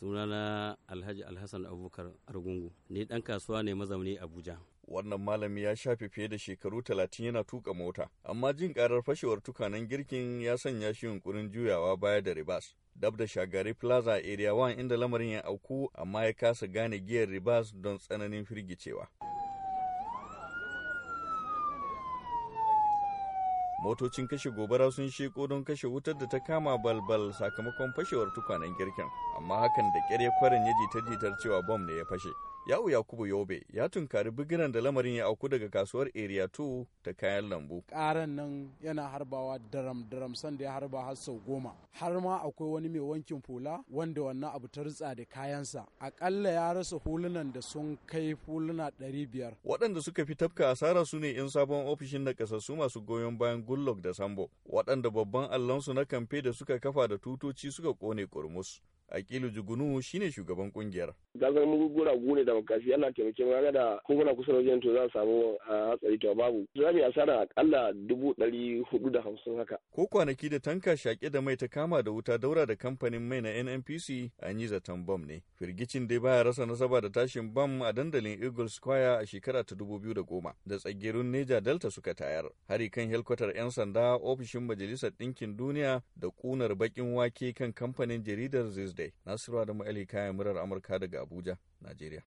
sunana alhaji alhassan abubakar argungu ne dan kasuwa ne mazauni abuja wannan malami ya shafe fiye da shekaru talatin yana tuka mota amma jin karar fashewar tukanen girkin ya sanya shi yunkurin juyawa baya da ribas dab da shagari plaza area 1 inda lamarin ya auku amma ya kasa gane giyar ribas don tsananin firgicewa motocin kashe gobara sun sheko don kashe wutar da ta kama balbal sakamakon fashewar tukwanen girkin amma hakan da kyar ya kwarin ya jita-jitar cewa bom ne ya fashe. Yawu Yakubu Yobe ya tunkari bigiran da lamarin ya auku daga kasuwar Area 2 ta kayan lambu. Karan nan yana harbawa daram daram sanda ya harba har sau goma. Har ma akwai wani mai wankin fula wanda wannan abu ta ritsa da kayansa. Akalla ya rasa hulunan da sun kai huluna ɗari biyar. Waɗanda suka fi tafka asara su ne 'yan sabon ofishin na kasassu masu goyon bayan Goodluck da Sambo. Waɗanda babban allonsu na kamfe da suka kafa da tutoci suka kone kurmus. Akilu Jugunu shine shugaban kungiyar. Gazan mugugura gure da makafi Allah taimake mu ga da ko muna kusa wajen to za a hatsari to babu. Za mu asara akalla dubu ɗari hudu da hamsin haka. Ko kwanaki da tanka shaƙe da mai ta kama da wuta daura da kamfanin mai na NNPC an yi zaton bam ne. Firgicin dai baya rasa nasaba da tashin bam a dandalin Eagle Square a shekara ta dubu biyu da goma da tsagerun Neja Delta suka tayar. Hari kan helkwatar 'yan sanda ofishin Majalisar Ɗinkin Duniya da ƙunar baƙin wake kan kamfanin jaridar Zizda Day. Nasiru Adamu Ali kayan murar Amurka daga Abuja, Najeriya.